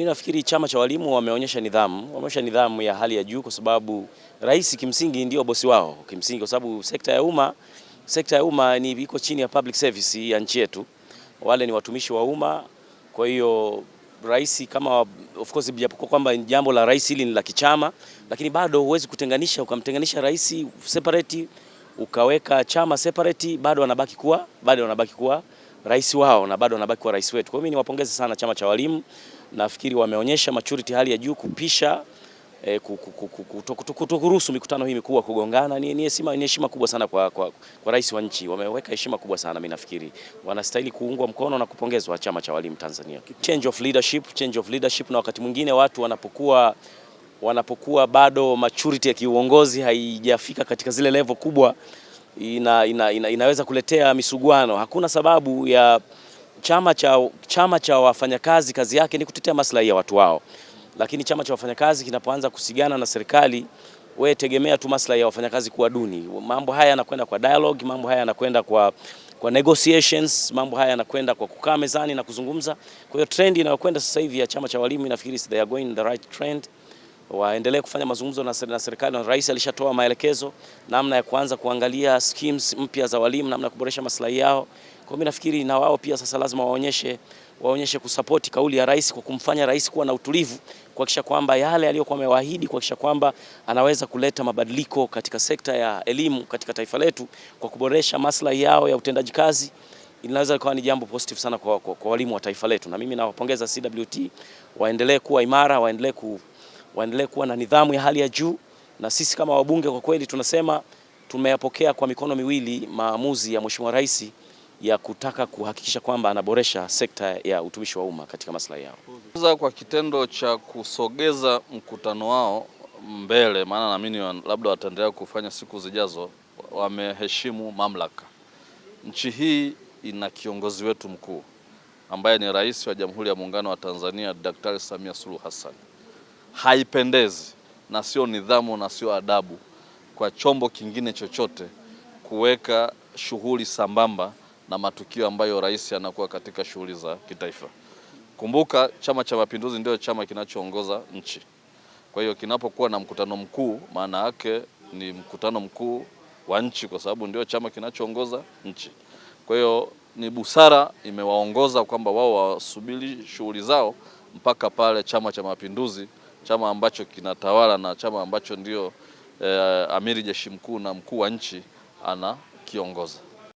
mimi nafikiri chama cha walimu wameonyesha nidhamu, wameonyesha nidhamu ya hali ya juu, kwa sababu rais kimsingi ndio bosi wao kimsingi, kwa sababu sekta ya umma sekta ya umma ni iko chini ya public service ya nchi yetu, wale ni watumishi wa umma. Kwa hiyo rais kama of course, japokuwa kwamba jambo la rais hili ni la kichama, lakini bado huwezi kutenganisha, ukamtenganisha rais separate ukaweka chama separate, bado wanabaki kuwa bado wanabaki kuwa rais wao na bado wanabaki kuwa rais wetu. Kwa hiyo mimi niwapongeze sana chama cha walimu nafikiri wameonyesha maturity hali ya juu kupisha E, eh, kutokuruhusu mikutano hii mikubwa kugongana. Ni, ni heshima kubwa sana kwa, kwa, kwa rais wa nchi, wameweka heshima kubwa sana. Mimi nafikiri wanastahili kuungwa mkono na kupongezwa chama cha walimu Tanzania. Change of leadership, change of leadership. Na wakati mwingine watu wanapokuwa wanapokuwa bado maturity ya kiuongozi haijafika katika zile level kubwa, ina, ina, ina, inaweza kuletea misuguano. Hakuna sababu ya chama cha, chama cha wafanyakazi kazi yake ni kutetea maslahi ya watu wao, lakini chama cha wafanyakazi kinapoanza kusigana na serikali, we tegemea tu maslahi ya wafanyakazi kuwa duni. Mambo haya yanakwenda kwa dialogue, mambo haya yanakwenda kwa, kwa negotiations, mambo haya yanakwenda kwa kukaa mezani na kuzungumza. Kwa hiyo trend inayokwenda sasa hivi ya chama cha walimu nafikiri they are going the right trend waendelee kufanya mazungumzo na serikali na rais alishatoa maelekezo namna ya kuanza kuangalia schemes mpya za walimu, namna ya kuboresha maslahi yao. Kwa mimi nafikiri na wao pia sasa lazima waonyeshe waonyeshe kusapoti kauli ya rais kwa kumfanya rais kuwa na utulivu, kuhakikisha kwamba yale aliyokuwa amewaahidi, kuhakikisha kwamba anaweza kuleta mabadiliko katika sekta ya elimu katika taifa letu kwa kuboresha maslahi yao ya utendaji kazi. Inaweza kuwa ni jambo positive sana kwa, kwa, kwa walimu wa taifa letu, na mimi nawapongeza CWT, waendelee kuwa imara, waendelee ku, waendelee kuwa na nidhamu ya hali ya juu, na sisi kama wabunge kwa kweli tunasema tumeyapokea kwa mikono miwili maamuzi ya Mheshimiwa Rais ya kutaka kuhakikisha kwamba anaboresha sekta ya utumishi wa umma katika maslahi yao. Sasa kwa kitendo cha kusogeza mkutano wao mbele, maana naamini labda wataendelea kufanya siku zijazo, wameheshimu mamlaka. Nchi hii ina kiongozi wetu mkuu ambaye ni Rais wa Jamhuri ya Muungano wa Tanzania Daktari Samia Suluhu Hassan. Haipendezi na sio nidhamu na sio adabu kwa chombo kingine chochote kuweka shughuli sambamba na matukio ambayo rais anakuwa katika shughuli za kitaifa. Kumbuka Chama cha Mapinduzi ndio chama kinachoongoza nchi. Kwa hiyo kinapokuwa na mkutano mkuu, maana yake ni mkutano mkuu wa nchi, kwa sababu ndio chama kinachoongoza nchi. Kwa hiyo ni busara imewaongoza kwamba wao wasubiri shughuli zao mpaka pale Chama cha Mapinduzi, chama ambacho kinatawala na chama ambacho ndio eh, amiri jeshi mkuu na mkuu wa nchi anakiongoza.